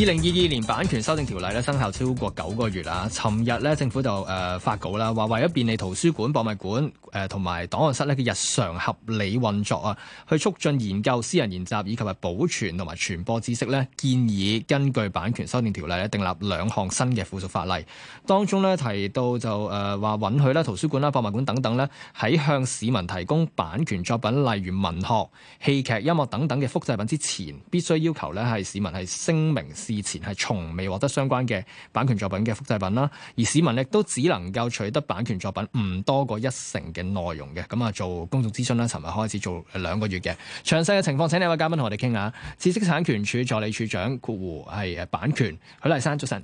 二零二二年版權修訂條例咧生效超過九個月啦。尋日咧政府就誒發稿啦，話為咗便利圖書館、博物館誒同埋檔案室咧嘅日常合理運作啊，去促進研究、私人研習以及係保存同埋傳播知識咧，建議根據版權修訂條例咧訂立兩項新嘅附屬法例。當中咧提到就誒話允許咧圖書館啦、博物館等等咧喺向市民提供版權作品，例如文學、戲劇、音樂等等嘅複製品之前，必須要求咧係市民係聲明。以前係從未獲得相關嘅版權作品嘅複製品啦，而市民亦都只能夠取得版權作品唔多過一成嘅內容嘅。咁啊，做公眾諮詢啦，尋日開始做兩個月嘅詳細嘅情況，請兩位嘉賓同我哋傾下。知識產權署助理署長括弧係版權許麗珊。早晨。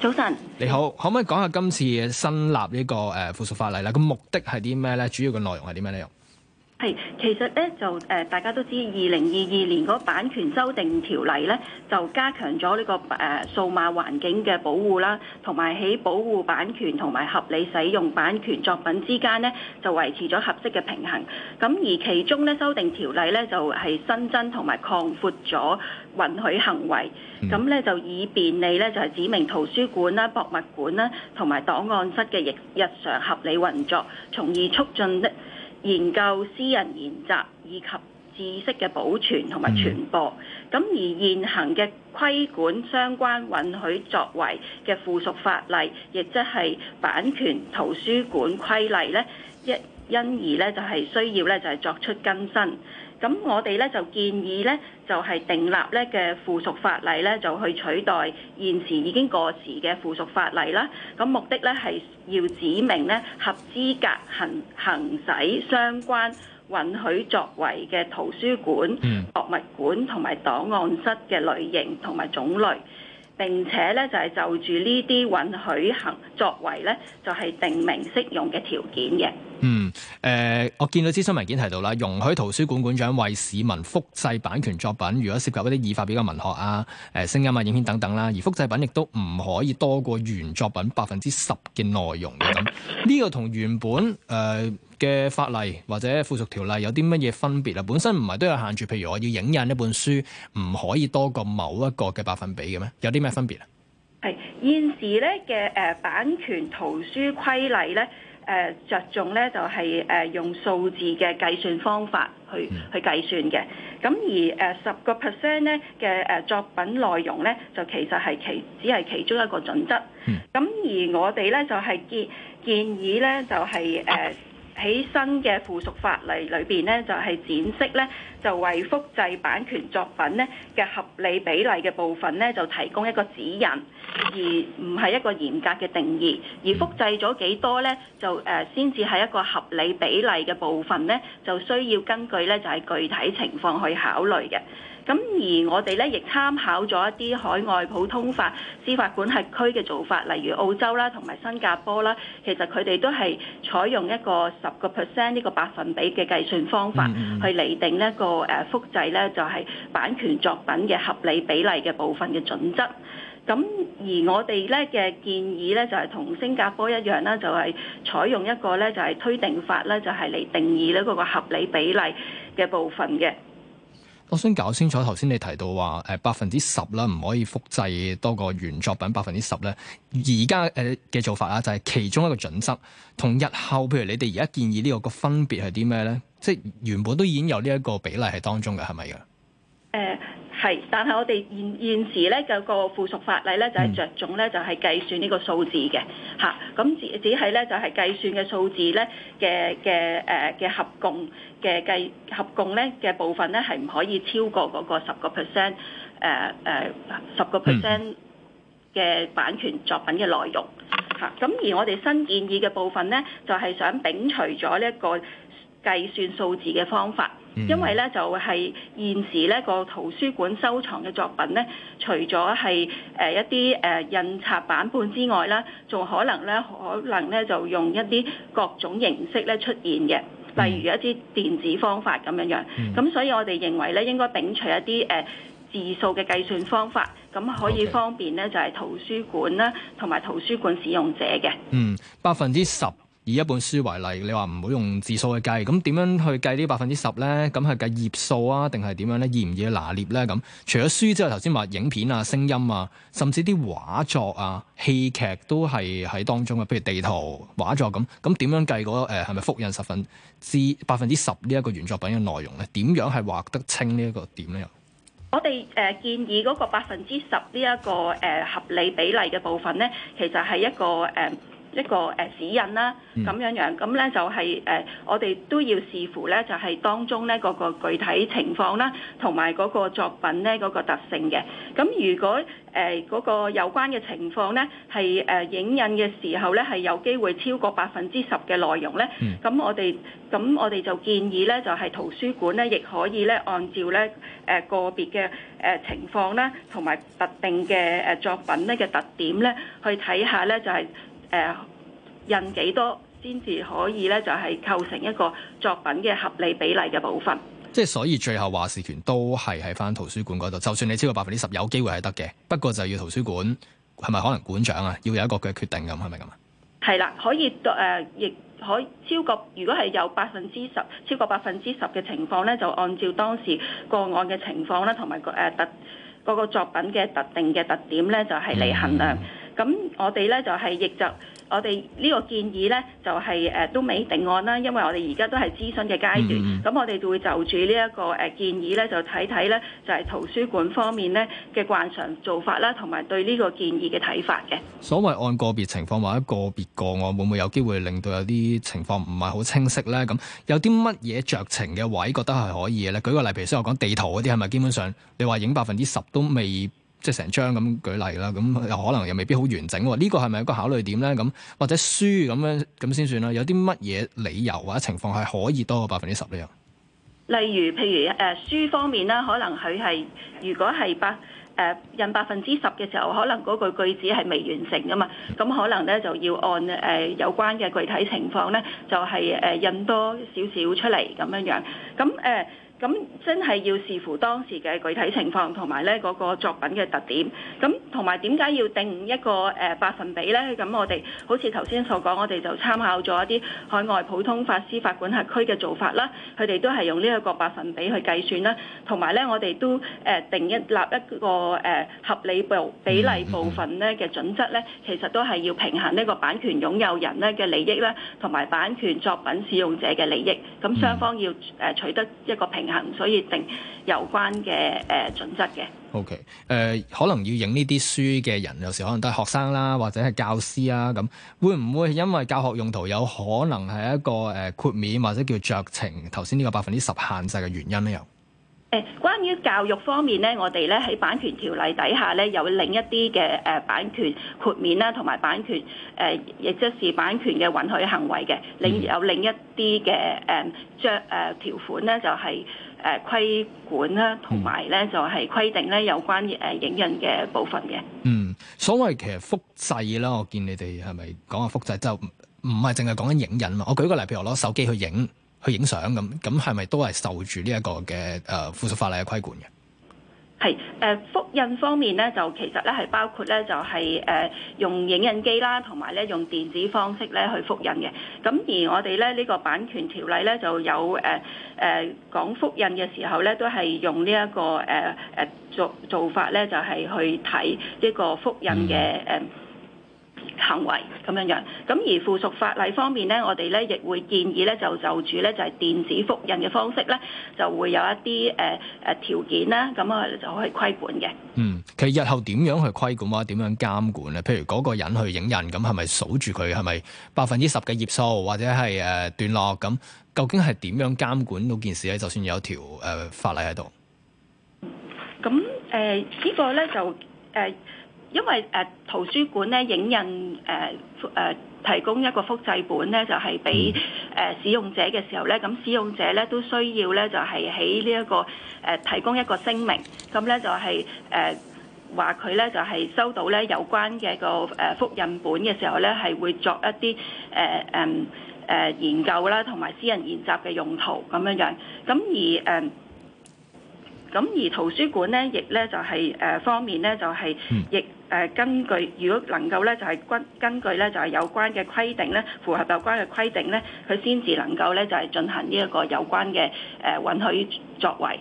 早晨，你好，可唔可以講下今次新立呢個誒附屬法例啦？個目的係啲咩咧？主要嘅內容係啲咩內容？係，其實咧就誒、呃，大家都知二零二二年嗰版權修訂條例咧，就加強咗呢、這個誒、呃、數碼環境嘅保護啦，同埋喺保護版權同埋合理使用版權作品之間呢，就維持咗合適嘅平衡。咁而其中咧修訂條例咧就係、是、新增同埋擴闊咗允許行為，咁咧就以便利咧就係、是、指明圖書館啦、博物館啦同埋檔案室嘅日日常合理運作，從而促進咧，研究私人研習以及知識嘅保存同埋傳播，咁、嗯、而現行嘅規管相關允許作為嘅附屬法例，亦即係版權圖書館規例呢一因而呢，就係需要呢，就係作出更新。咁我哋咧就建議咧，就係訂立咧嘅附屬法例咧，就去取代現時已經過時嘅附屬法例啦。咁目的咧係要指明咧合資格行行使相關允許作為嘅圖書館、博、嗯、物館同埋檔案室嘅類型同埋種類，並且咧就係就住呢啲允許行作為咧，就係定名適用嘅條件嘅。嗯。誒、呃，我見到諮詢文件提到啦，容許圖書館館長為市民複製版權作品，如果涉及嗰啲已發表嘅文學啊、誒、呃、聲音啊、影片等等啦、啊，而複製品亦都唔可以多過原作品百分之十嘅內容嘅。咁呢個同原本誒嘅、呃、法例或者附屬條例有啲乜嘢分別啊？本身唔係都有限住，譬如我要影印一本書，唔可以多過某一個嘅百分比嘅咩？有啲咩分別啊？係現時咧嘅誒版權圖書規例咧。誒，着重咧就係誒用數字嘅計算方法去去計算嘅，咁而誒十個 percent 咧嘅誒作品內容咧就其實係其只係其中一個準則。咁而我哋咧就係建建議咧就係。誒。喺新嘅附屬法例裏邊咧，就係闡釋咧，就為複製版權作品咧嘅合理比例嘅部分咧，就提供一個指引，而唔係一個嚴格嘅定義。而複製咗幾多咧，就誒先至係一個合理比例嘅部分咧，就需要根據咧就係具體情況去考慮嘅。咁而我哋咧亦參考咗一啲海外普通法司法管轄區嘅做法，例如澳洲啦同埋新加坡啦，其實佢哋都係採用一個十個 percent 呢個百分比嘅計算方法，去釐定呢一個誒複製咧就係版權作品嘅合理比例嘅部分嘅準則。咁而我哋咧嘅建議咧就係同新加坡一樣啦，就係採用一個咧就係推定法咧，就係嚟定義呢嗰個合理比例嘅部分嘅。我想搞清楚，頭先你提到話，誒、呃，百分之十啦，唔可以複製多個原作品百分之十咧。而家誒嘅做法啦，就係其中一個準則，同日後譬如你哋而家建議呢、呢個個分別係啲咩咧？即係原本都已經有呢一個比例喺當中嘅，係咪噶？誒。呃係，但係我哋現現時咧嘅個附屬法例咧，就係着重咧，就係計算呢個數字嘅，嚇、嗯，咁只只係咧就係、是、計算嘅數字咧嘅嘅誒嘅合共嘅計合共咧嘅部分咧係唔可以超過嗰個十個 percent，誒誒十個 percent 嘅版權作品嘅內容，嚇、嗯，咁而我哋新建議嘅部分咧，就係、是、想摒除咗呢一個計算數字嘅方法。嗯、因為咧就係現時咧個圖書館收藏嘅作品咧，除咗係誒一啲誒印刷版本之外咧，仲可能咧可能咧就用一啲各種形式咧出現嘅，例如一啲電子方法咁樣樣。咁、嗯、所以我哋認為咧應該摒除一啲誒、呃、字數嘅計算方法，咁可以方便咧就係圖書館啦同埋圖書館使用者嘅。嗯，百分之十。以一本書為例，你話唔好用字數去計，咁點樣去計呢百分之十咧？咁係計頁數啊，定係點樣咧？易唔易拿捏咧？咁除咗書之外，頭先話影片啊、聲音啊，甚至啲畫作啊、戲劇都係喺當中嘅，譬如地圖、畫作咁。咁點樣計嗰誒係咪複印十分之百分之十呢一個原作品嘅內容咧？點樣係畫得清呢一個點咧？我哋誒、呃、建議嗰百分之十呢一個誒、這個呃、合理比例嘅部分咧，其實係一個誒。呃一個誒指引啦，咁、呃啊、樣這樣咁咧就係、是、誒、呃，我哋都要視乎咧，就係、是、當中咧個、那個具體情況啦，同埋嗰個作品咧嗰、那個特性嘅。咁如果誒嗰、呃那個有關嘅情況咧，係誒、呃、影印嘅時候咧，係有機會超過百分之十嘅內容咧，咁、嗯、我哋咁我哋就建議咧，就係、是、圖書館咧，亦可以咧按照咧誒、呃、個別嘅誒、呃、情況咧，同埋特定嘅誒、呃、作品咧嘅特點咧，去睇下咧就係、是。誒、呃，印幾多先至可以咧？就係、是、構成一個作品嘅合理比例嘅部分。即係所以最後話事權都係喺翻圖書館嗰度。就算你超過百分之十，有機會係得嘅。不過就要圖書館係咪可能館長啊，要有一個嘅決定咁，係咪咁啊？係啦，可以誒、呃，亦可超過。如果係有百分之十，超過百分之十嘅情況咧，就按照當時個案嘅情況咧，同埋誒特嗰個作品嘅特定嘅特點咧，就係、是、嚟衡量。嗯咁我哋咧就係，亦就我哋呢個建議咧，就係都未定案啦，因為我哋而家都係諮詢嘅階段。咁、嗯、我哋就會就住呢一個建議咧，就睇睇咧，就係圖書館方面咧嘅慣常做法啦，同埋對呢個建議嘅睇法嘅。所謂按個別情況或者個別個案，會唔會有機會令到有啲情況唔係好清晰咧？咁有啲乜嘢酌情嘅位，覺得係可以嘅咧？舉個例，譬如我講地圖嗰啲，係咪基本上你話影百分之十都未？即係成章咁舉例啦，咁又可能又未必好完整喎。呢個係咪一個考慮點咧？咁或者書咁樣咁先算啦。有啲乜嘢理由或者情況係可以多過百分之十咧？例如，譬如誒書方面咧，可能佢係如果係百誒印百分之十嘅時候，可能嗰句句子係未完成噶嘛。咁可能咧就要按誒有關嘅具體情況咧，就係誒印多少少出嚟咁樣樣。咁誒。咁真係要視乎當時嘅具體情況同埋咧嗰個作品嘅特點，咁同埋點解要定一個誒、呃、百分比咧？咁我哋好似頭先所講，我哋就參考咗一啲海外普通法司法管轄區嘅做法啦，佢哋都係用呢一個百分比去計算啦。同埋咧，我哋都誒、呃、定一立一個誒、呃、合理部比例部分咧嘅準則咧，其實都係要平衡呢個版權擁有人咧嘅利益咧，同埋版權作品使用者嘅利益。咁雙方要誒、呃、取得一個平衡。所以定有關嘅誒準則嘅。O K，誒可能要影呢啲書嘅人，有時候可能都係學生啦，或者係教師啊。咁會唔會因為教學用途有可能係一個誒豁免或者叫酌情頭先呢個百分之十限制嘅原因咧？又？關於教育方面咧，我哋咧喺版權條例底下咧，有另一啲嘅誒版權豁免啦，同埋版權誒，亦即是版權嘅允許行為嘅，另有另一啲嘅誒將誒條款咧，就係誒規管啦，同埋咧就係規定咧有關誒影印嘅部分嘅。嗯，所謂其實複製啦，我見你哋係咪講下複製？就唔唔係淨係講緊影印啊？我舉個例譬如我攞手機去影。去影相咁，咁係咪都係受住呢一個嘅誒、啊、附屬法例嘅規管嘅？係誒複印方面咧，就其實咧係包括咧，就係、是、誒、呃、用影印機啦，同埋咧用電子方式咧去複印嘅。咁而我哋咧呢、這個版權條例咧就有誒誒講複印嘅時候咧，都係用呢、這、一個誒誒、呃、做做法咧，就係、是、去睇呢個複印嘅誒。嗯行為咁樣樣，咁而附屬法例方面呢，我哋呢亦會建議呢，就就住呢，就係電子複印嘅方式呢，就會有一啲誒誒條件啦，咁啊就可以規管嘅。嗯，其實日後點樣去規管啊？或者點樣監管咧？譬如嗰個人去影印，咁係咪數住佢？係咪百分之十嘅頁數或者係誒段落？咁究竟係點樣監管嗰件事呢？就算有一條誒、呃、法例喺度。咁誒呢個呢，就誒。呃因為誒圖書館咧影印誒誒、呃呃、提供一個複製本咧，就係俾誒使用者嘅時候咧，咁使用者咧都需要咧就係喺呢一個誒、呃、提供一個聲明，咁咧就係誒話佢咧就係、係、收到咧有關嘅個誒複印本嘅時候咧，係會作一啲誒誒誒研究啦，同埋私人研習嘅用途咁樣樣。咁而誒，咁、呃、而圖書館咧，亦咧就係、係、誒、呃、方面咧、就係，就係亦。誒，根據如果能夠咧，就係根根據咧，就係有關嘅規定咧，符合有關嘅規定咧，佢先至能夠咧，就係進行呢一個有關嘅誒允許作為。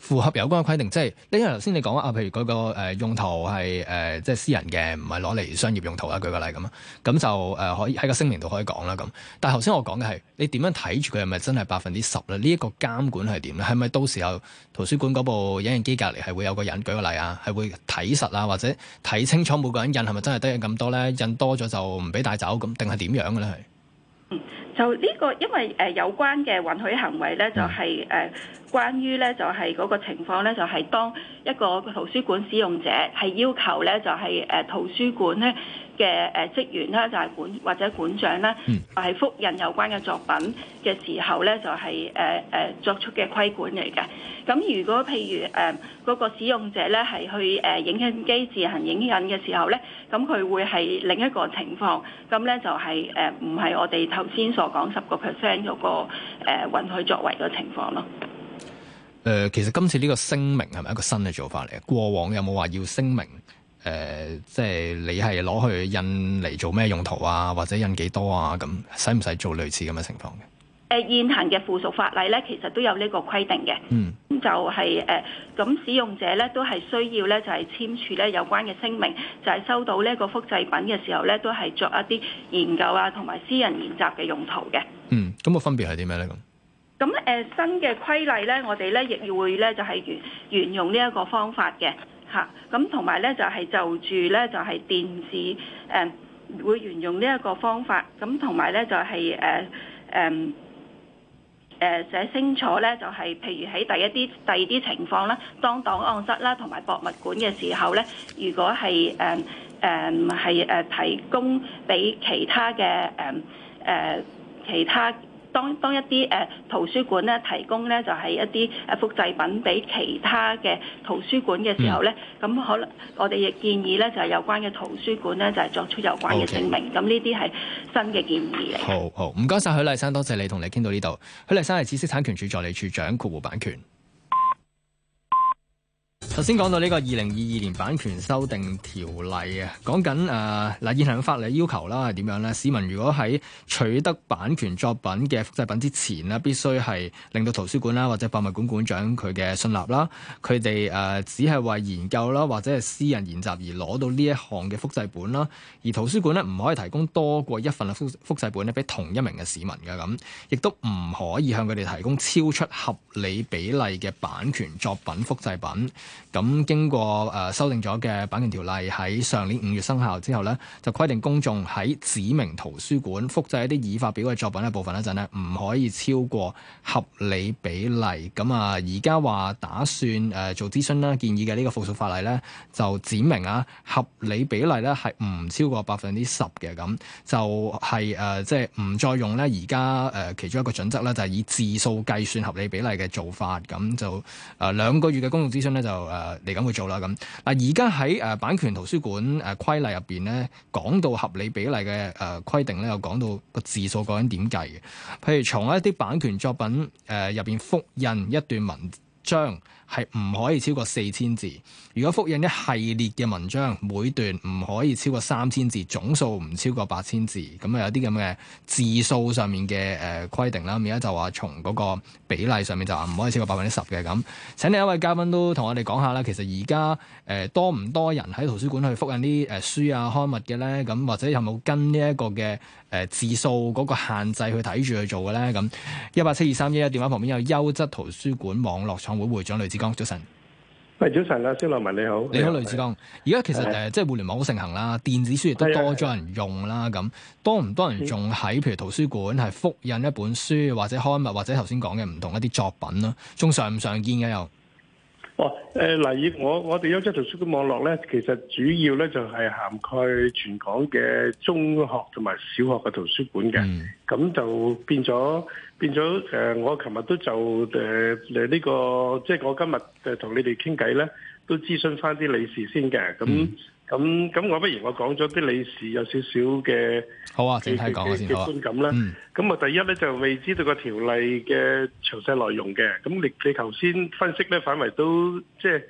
符合有關嘅規定，即係，因為頭先你講啊，譬如嗰個用途係誒即係私人嘅，唔係攞嚟商業用途啊。舉個例咁啊，咁就誒、呃、可以喺個聲明度可以講啦。咁，但係頭先我講嘅係，你點樣睇住佢係咪真係百分之十咧？呢一、呢個監管係點咧？係咪到時候圖書館嗰部影印機隔離係會有個人舉個例啊，係會睇實啊，或者睇清楚每個人印係咪真係得咁多咧？印多咗就唔俾帶走咁，定係點樣嘅咧？係？就呢個，因為誒有關嘅允許行為咧，就係誒關於咧，就係嗰個情況咧，就係當一個圖書館使用者係要求咧，就係誒圖書館咧。嘅誒職員啦，就係管或者館長啦，係複印有關嘅作品嘅時候咧，就係誒誒作出嘅規管嚟嘅。咁如果譬如誒嗰個使用者咧，係去誒影印機自行影印嘅時候咧，咁佢會係另一個情況。咁咧就係誒唔係我哋頭先所講十個 percent 嗰個允許作為嘅情況咯。誒，其實今次呢個聲明係咪一個新嘅做法嚟？過往有冇話要聲明？誒、呃，即係你係攞去印嚟做咩用途啊？或者印幾多啊？咁使唔使做類似咁嘅情況嘅？誒，現行嘅附屬法例咧，其實都有呢個規定嘅。嗯，咁就係、是、誒，咁、呃、使用者咧都係需要咧，就係簽署咧有關嘅聲明，就係、是、收到呢一個複製品嘅時候咧，都係作一啲研究啊，同埋私人研習嘅用途嘅。嗯，咁個分別係啲咩咧？咁咁誒新嘅規例咧，我哋咧亦會咧就係沿沿用呢一個方法嘅。嚇！咁同埋咧就係就住咧就係電子，誒會沿用呢一個方法，咁同埋咧就係誒誒誒寫清楚咧就係譬如喺第一啲第二啲情況啦，當檔案室啦同埋博物館嘅時候咧，如果係誒誒係誒提供俾其他嘅誒誒其他。當當一啲誒圖書館咧提供咧就係一啲誒複製品俾其他嘅圖書館嘅時候咧，咁可能我哋亦建議咧就係有關嘅圖書館咧就係作出有關嘅證明，咁呢啲係新嘅建議嚟。好好，唔該晒許麗珊，多謝，謝你同你傾到呢度。許麗珊係知識產權署助理署長，括弧版權。首先講到呢個二零二二年版權修訂條例啊，講緊誒嗱，現行嘅法例要求啦，係點樣咧？市民如果喺取得版權作品嘅複製品之前呢，必須係令到圖書館啦或者博物館館長佢嘅信納啦，佢哋誒只係為研究啦或者係私人研習而攞到呢一項嘅複製本啦，而圖書館呢，唔可以提供多過一份複複製本咧俾同一名嘅市民㗎。咁亦都唔可以向佢哋提供超出合理比例嘅版權作品複製品。咁經過誒、呃、修訂咗嘅版權條例喺上年五月生效之後咧，就規定公眾喺指明圖書館複製一啲已發表嘅作品嘅部分一陣咧，唔可以超過合理比例。咁啊，而家話打算、呃、做諮詢啦，建議嘅呢個附屬法例咧，就指明啊合理比例咧係唔超過百分之十嘅。咁就係誒即係唔再用咧而家誒其中一個準則呢，就係、是、以字數計算合理比例嘅做法。咁就誒、呃、兩個月嘅公眾諮詢咧就誒、啊，嚟緊去做啦咁。嗱，而家喺誒版權圖書館誒規例入邊咧，講到合理比例嘅誒規定咧，又講到個字數究竟點計嘅。譬如從一啲版權作品誒入邊複印一段文章。係唔可以超過四千字。如果複印一系列嘅文章，每段唔可以超過三千字，總數唔超過八千字，咁啊有啲咁嘅字數上面嘅誒規定啦。而家就話從嗰個比例上面就話唔可以超過百分之十嘅咁。請另一位嘉賓都同我哋講下啦。其實而家誒多唔多人喺圖書館去複印啲誒書啊刊物嘅咧？咁或者有冇跟呢一個嘅誒、呃、字數嗰個限制去睇住去做嘅咧？咁一八七二三一一電話旁邊有優質圖書館網絡創會會長呂志剛。喂早晨，喂，早晨啊，蕭立文你好，你好，你好是呂志剛。而家其實誒，即係互聯網好盛行啦，電子書亦都多咗人用啦。咁多唔多人仲喺譬如圖書館係複印一本書，嗯，或者刊物，或者頭先講嘅唔同一啲作品啦，仲常唔常見嘅又？哦，誒、呃，嗱，以我我哋優質圖書館網絡咧，其實主要咧就係涵蓋全港嘅中學同埋小學嘅圖書館嘅，咁、嗯、就變咗。變咗誒，我琴日都就誒誒呢個，即係我今日誒同你哋傾偈咧，都諮詢翻啲理事先嘅。咁咁咁，我不如我講咗啲理事有少少嘅。好啊，整體講先好啊。一般咁咧，咁啊第一咧就未知道個條例嘅詳細內容嘅。咁你你頭先分析咧，範圍都即係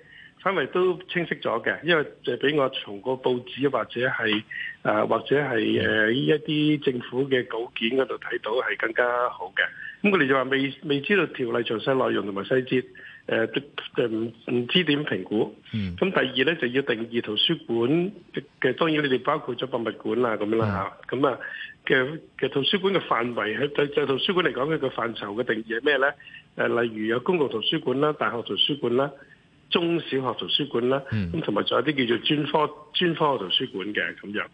範圍都清晰咗嘅，因為就俾我從個報紙或者係啊或者係誒一啲政府嘅稿件嗰度睇到係更加好嘅。咁佢哋就話未未知道條例詳細內容同埋細節，誒誒唔唔知點評估。咁第二咧就要定義圖書館嘅，當然你哋包括咗博物館啦咁樣啦嚇。咁啊嘅嘅圖書館嘅範圍喺對對圖書館嚟講佢個範疇嘅定義係咩咧？誒例如有公共圖書館啦、大學圖書館啦、中小學圖書館啦，咁同埋仲有啲叫做專科專科嘅圖書館嘅咁樣。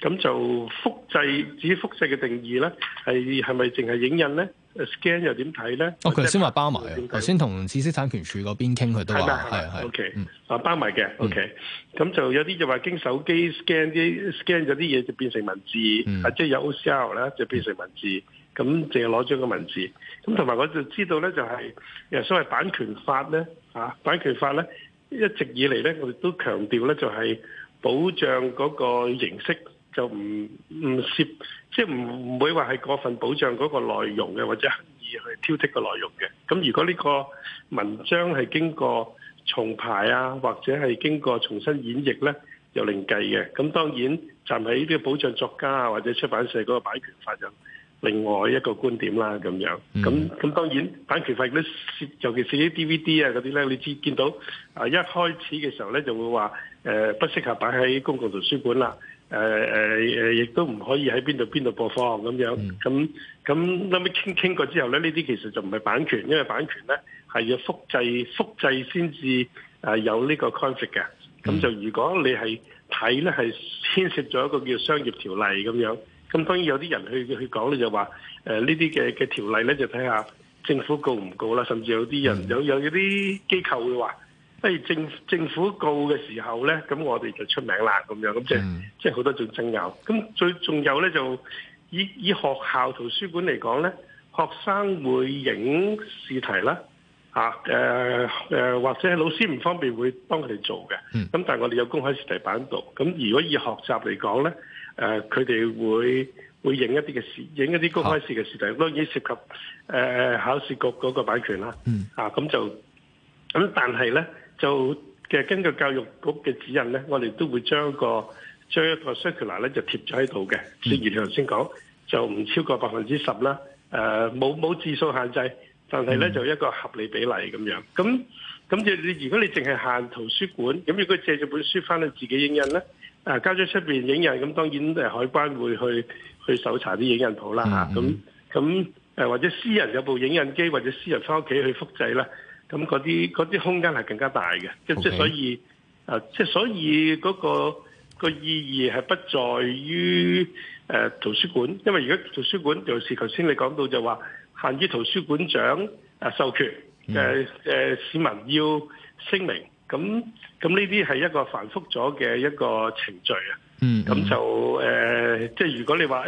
咁就複製至於複製嘅定義咧，係係咪淨係影印咧？scan 又點睇咧？哦，佢頭先話包埋啊！頭先同知識產權署嗰邊傾，佢的都話係啊，OK，啊包埋嘅、嗯、OK。咁就有啲就話經手機 scan 啲 scan 咗啲嘢就變成文字，嗯、啊即係、就是、有 OCR 咧就變成文字。咁淨係攞咗個文字。咁同埋我就知道咧、就是，就係所謂版權法咧，啊版權法咧，一直以嚟咧，我哋都強調咧，就係保障嗰個形式。就唔唔涉，即係唔唔會話係過份保障嗰個內容嘅，或者刻意去挑剔個內容嘅。咁如果呢個文章係經過重排啊，或者係經過重新演繹咧，又另計嘅。咁當然站喺呢個保障作家啊，或者出版社嗰個版權法，就另外一個觀點啦，咁樣。咁咁當然版權法嗰，尤其是啲 DVD 啊嗰啲咧，你見到啊一開始嘅時候咧就會話、呃、不適合擺喺公共圖書館啦。誒誒誒，亦都唔可以喺邊度邊度播放咁樣，咁咁後屘傾傾過之後咧，呢啲其實就唔係版權，因為版權咧係要複製複製先至誒有呢個 concept 嘅。咁、嗯、就如果你係睇咧，係牽涉咗一個叫商業條例咁樣。咁當然有啲人去去講咧、呃，就話誒呢啲嘅嘅條例咧，就睇下政府告唔告啦。甚至有啲人、嗯、有有有啲機構會話。不如政政府告嘅時候咧，咁我哋就出名啦，咁樣咁即係即係好多種聲音。咁最重有咧就以以學校圖書館嚟講咧，學生會影試題啦，嚇、啊、誒、呃、或者老師唔方便會幫佢哋做嘅。咁、嗯、但係我哋有公開試題版度。咁如果以學習嚟講咧，誒佢哋會會影一啲嘅試影一啲公開試嘅試題，當然、嗯、涉及誒、呃、考試局嗰個版權啦。嚇咁、嗯啊、就咁，但係咧。就嘅根據教育局嘅指引咧，我哋都會將個將一個 Circular 咧就貼咗喺度嘅。正如你頭先講就唔超過百分之十啦。誒、呃，冇冇字數限制，但係咧就一個合理比例咁樣。咁咁即你如果你淨係限圖書館，咁如果借咗本書翻去自己影印咧，啊交咗出面影印，咁當然海關會去去搜查啲影印簿啦，咁咁、嗯嗯、或者私人有部影印機或者私人翻屋企去複製啦。咁嗰啲嗰啲空間係更加大嘅，即 Okay. 即所以，啊、即所以嗰、那個個意義係不在於誒、呃、圖書館，因為而家圖書館尤其是頭先你講到就話限於圖書館長誒授權誒誒、mm. 呃呃、市民要聲明，咁咁呢啲係一個繁複咗嘅一個程序啊。咁、mm hmm. 就誒、呃、即如果你話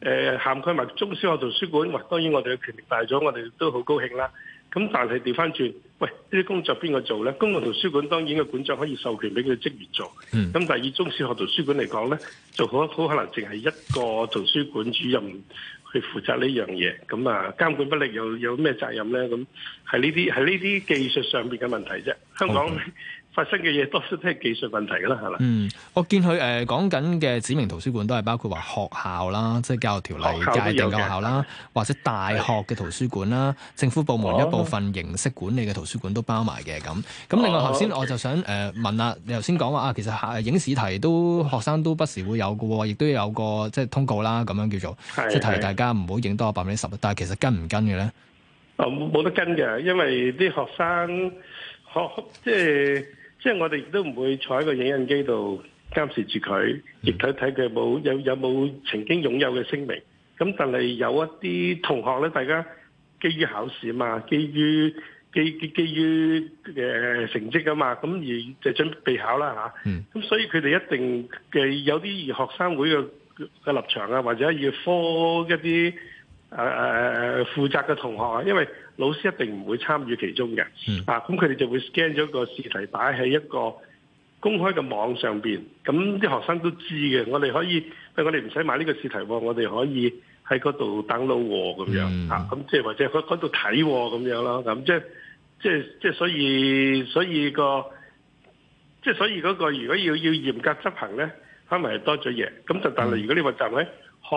誒涵蓋埋中小學圖書館，當然我哋嘅權力大咗，我哋都好高興啦。咁但係調翻轉，喂，呢啲工作邊個做呢？公共圖書館當然個館長可以授權俾佢職員做。咁但係、嗯、以中小學圖書館嚟講呢，就好好可能淨係一個圖書館主任去負責呢樣嘢。咁啊，監管不力又有咩責任呢？咁係呢啲係呢啲技術上面嘅問題啫。香港。嗯發生嘅嘢都係技術問題㗎啦，係啦嗯，我見佢誒講緊嘅指明圖書館都係包括話學校啦，即係教育條例界定嘅學校啦，或者大學嘅圖書館啦，政府部門一部分形式管理嘅圖書館都包埋嘅咁。咁另外，哦，頭先我就想誒問啦，哦，你頭先講話啊，其實影視題都學生都不時會有嘅，亦都有個即係通告啦，咁樣叫做即係提大家唔好影多百分之十，但係其實跟唔跟嘅咧？哦，冇得跟嘅，因為啲學生學即係。即係我哋都唔會坐喺個影印機度監視住佢，亦睇睇佢有有有冇曾經擁有嘅聲明。咁但係有一啲同學咧，大家基於考試嘛，基於基於基於誒成績啊嘛，咁而就準備考啦吓咁、嗯、所以佢哋一定嘅有啲學生會嘅嘅立場啊，或者要科一啲。誒誒誒負責嘅同學啊，因為老師一定唔會參與其中嘅，嗯、啊，咁佢哋就會 scan 咗個試題擺喺一個公開嘅網上邊，咁啲學生都知嘅。我哋可以，我哋唔使買呢個試題喎，我哋可以喺嗰度 download 喎，咁樣啊，咁即係或者喺嗰度睇喎，咁樣啦。咁即係即係即係，所以所以個即係所以嗰個，如果要要嚴格執行咧，可能係多咗嘢。咁就但係如果你個站咧？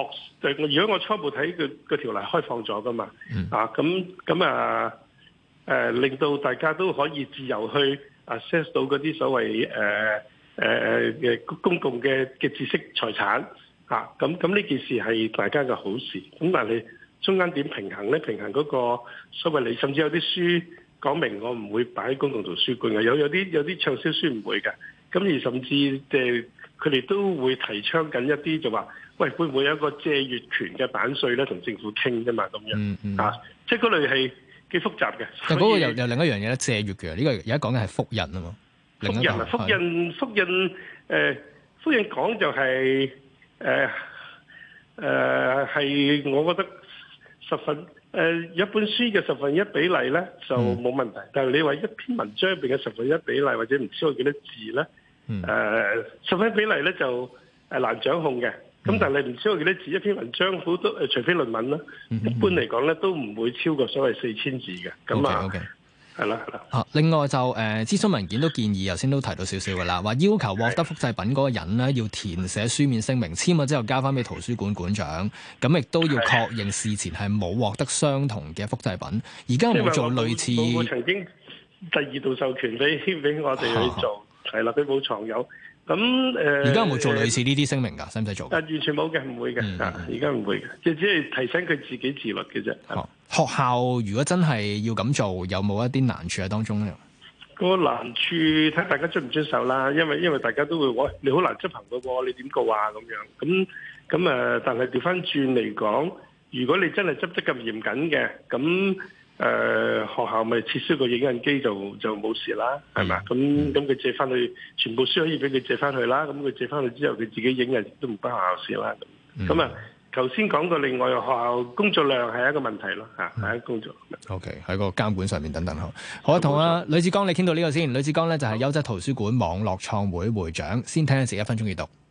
學對我，如果我初步睇佢個條例開放咗噶嘛，嗯、啊咁咁啊誒，令到大家都可以自由去 access 到嗰啲所謂誒誒誒嘅公共嘅嘅知識財產嚇，咁咁呢件事係大家嘅好事。咁但係中間點平衡咧？平衡嗰個所謂你，甚至有啲書講明我唔會擺喺公共圖書館嘅，有有啲有啲暢銷書唔會嘅。咁而甚至即係。呃佢哋都會提倡緊一啲就話，喂會唔會有一個借閱權嘅版稅咧？同政府傾啫嘛，咁樣、嗯嗯、啊，即係嗰類係幾複雜嘅。但係嗰個又又另一樣嘢咧，借閱權呢、呢個而家講嘅係複印啊嘛。複印啊，複印複印誒，複印講就係誒誒係，呃呃、係我覺得十分誒、呃、一本書嘅十分一比例咧就冇問題，嗯、但係你話一篇文章入邊嘅十分一比例或者唔知有幾多字咧？誒十、嗯呃、分比例咧就誒難掌控嘅，咁、嗯、但係唔知有幾多字一篇文章，好、呃、除非論文啦。嗯嗯、一般嚟講咧都唔會超過所謂四千字嘅。咁啊，係啦，係啦、okay, okay。另外就誒諮詢文件都建議，頭先都提到少少嘅啦，話要求獲得複製品嗰個人咧要填寫書面聲明，簽咗之後交翻俾圖書館館長，咁亦都要確認事前係冇獲得相同嘅複製品。而家有冇做類似？我曾經第二度授權俾我哋去做。好好。係啦，佢冇藏有咁誒。而家、呃、有冇做類似呢啲聲明㗎？使唔使做？啊、呃，完全冇嘅，唔會嘅。而家唔會嘅，即係只係提醒佢自己自律嘅啫。哦、的學校如果真係要咁做，有冇一啲難處喺當中咧？個難處睇大家出唔出手啦。因為因為大家都會話你好難執行嘅喎、啊，你點告啊咁樣？咁咁誒，但係調翻轉嚟講，如果你真係執執咁嚴謹嘅咁。誒、呃，學校咪撤銷個影印機就就冇事啦，係咪？咁咁佢借翻去，全部書可以俾佢借翻去啦。咁佢借翻去之後，佢自己影印都唔關學校事啦。咁啊、嗯，頭先講過另外學校工作量係一個問題咯，吓係一個工作。O K，喺個監管上面等等，好。好，同阿呂志剛你傾到呢個先。呂志剛咧就係優質圖書館網絡創會會長，先聽一陣時一分鐘閱讀。